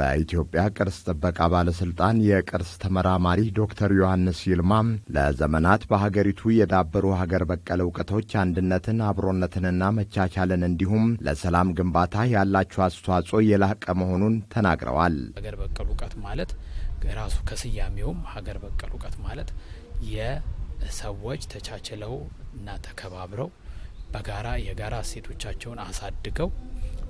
በኢትዮጵያ ቅርስ ጥበቃ ባለሥልጣን የቅርስ ተመራማሪ ዶክተር ዮሐንስ ይልማም ለዘመናት በሀገሪቱ የዳበሩ ሀገር በቀል እውቀቶች አንድነትን፣ አብሮነትንና መቻቻልን እንዲሁም ለሰላም ግንባታ ያላቸው አስተዋጽኦ የላቀ መሆኑን ተናግረዋል። ሀገር በቀል እውቀት ማለት ራሱ ከስያሜውም ሀገር በቀል እውቀት ማለት የሰዎች ተቻችለው እና ተከባብረው በጋራ የጋራ እሴቶቻቸውን አሳድገው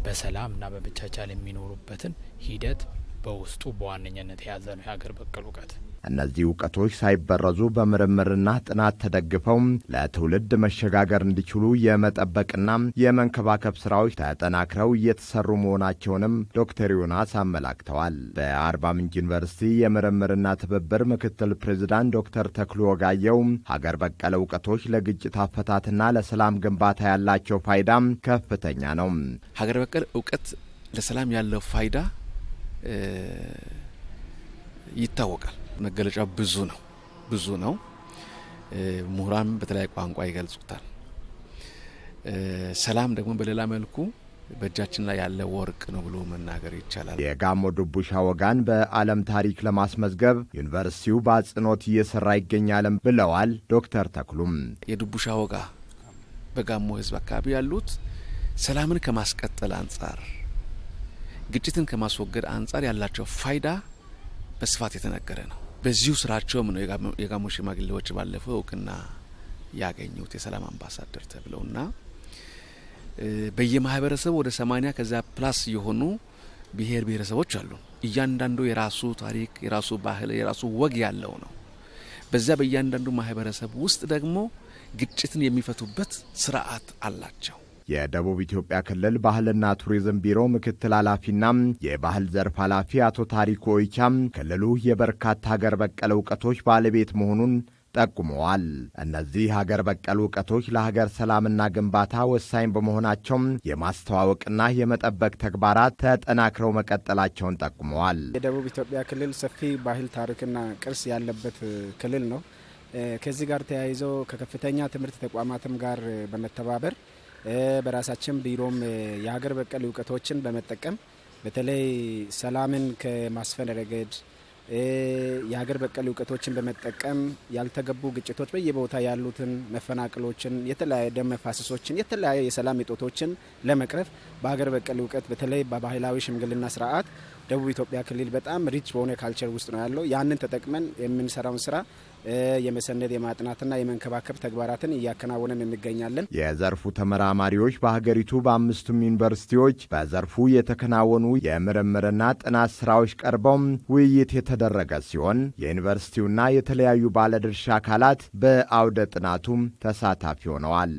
በሰላም ና በመቻቻል የሚኖሩበትን ሂደት በውስጡ በዋነኝነት የያዘ ነው የሀገር በቀል እውቀት። እነዚህ እውቀቶች ሳይበረዙ በምርምርና ጥናት ተደግፈው ለትውልድ መሸጋገር እንዲችሉ የመጠበቅና የመንከባከብ ስራዎች ተጠናክረው እየተሰሩ መሆናቸውንም ዶክተር ዮናስ አመላክተዋል። በአርባ ምንጭ ዩኒቨርሲቲ የምርምርና ትብብር ምክትል ፕሬዚዳንት ዶክተር ተክሎ ወጋየው ሀገር በቀል እውቀቶች ለግጭት አፈታትና ለሰላም ግንባታ ያላቸው ፋይዳ ከፍተኛ ነው። ሀገር በቀል እውቀት ለሰላም ያለው ፋይዳ ይታወቃል። መገለጫ ብዙ ነው ብዙ ነው። ምሁራን በተለያየ ቋንቋ ይገልጹታል። ሰላም ደግሞ በሌላ መልኩ በእጃችን ላይ ያለ ወርቅ ነው ብሎ መናገር ይቻላል። የጋሞ ዱቡሻ ወጋን በዓለም ታሪክ ለማስመዝገብ ዩኒቨርሲቲው በአጽንኦት እየሰራ ይገኛልም ብለዋል ዶክተር ተክሉም። የዱቡሻ ወጋ በጋሞ ሕዝብ አካባቢ ያሉት ሰላምን ከማስቀጠል አንጻር ግጭትን ከማስወገድ አንጻር ያላቸው ፋይዳ በስፋት የተነገረ ነው። በዚሁ ስራቸውም ነው የጋሞ ሽማግሌዎች ባለፈው እውቅና ያገኙት የሰላም አምባሳደር ና በየማህበረሰቡ ወደ ሰማኒያ ከዚያ ፕላስ የሆኑ ብሔር ብሔረሰቦች አሉ። እያንዳንዱ የራሱ ታሪክ፣ የራሱ ባህል፣ የራሱ ወግ ያለው ነው። በዚያ በእያንዳንዱ ማህበረሰብ ውስጥ ደግሞ ግጭትን የሚፈቱበት ስርዓት አላቸው። የደቡብ ኢትዮጵያ ክልል ባህልና ቱሪዝም ቢሮ ምክትል ኃላፊና የባህል ዘርፍ ኃላፊ አቶ ታሪኩ ኦይቻ ክልሉ የበርካታ ሀገር በቀል እውቀቶች ባለቤት መሆኑን ጠቁመዋል። እነዚህ ሀገር በቀል እውቀቶች ለሀገር ሰላምና ግንባታ ወሳኝ በመሆናቸውም የማስተዋወቅና የመጠበቅ ተግባራት ተጠናክረው መቀጠላቸውን ጠቁመዋል። የደቡብ ኢትዮጵያ ክልል ሰፊ ባህል ታሪክና ቅርስ ያለበት ክልል ነው። ከዚህ ጋር ተያይዞ ከከፍተኛ ትምህርት ተቋማትም ጋር በመተባበር በራሳችን ቢሮም የሀገር በቀል እውቀቶችን በመጠቀም በተለይ ሰላምን ከማስፈን ረገድ የሀገር በቀል እውቀቶችን በመጠቀም ያልተገቡ ግጭቶች በየቦታ ያሉትን መፈናቅሎችን፣ የተለያየ ደም መፋሰሶችን፣ የተለያየ የሰላም እጦቶችን ለመቅረፍ በሀገር በቀል እውቀት በተለይ በባህላዊ ሽምግልና ስርዓት ደቡብ ኢትዮጵያ ክልል በጣም ሪች በሆነ ካልቸር ውስጥ ነው ያለው። ያንን ተጠቅመን የምንሰራውን ስራ የመሰነድ የማጥናትና የመንከባከብ ተግባራትን እያከናወነን እንገኛለን። የዘርፉ ተመራማሪዎች በሀገሪቱ በአምስቱም ዩኒቨርሲቲዎች በዘርፉ የተከናወኑ የምርምርና ጥናት ስራዎች ቀርበው ውይይት የተደረገ ሲሆን የዩኒቨርሲቲውና የተለያዩ ባለድርሻ አካላት በአውደ ጥናቱም ተሳታፊ ሆነዋል።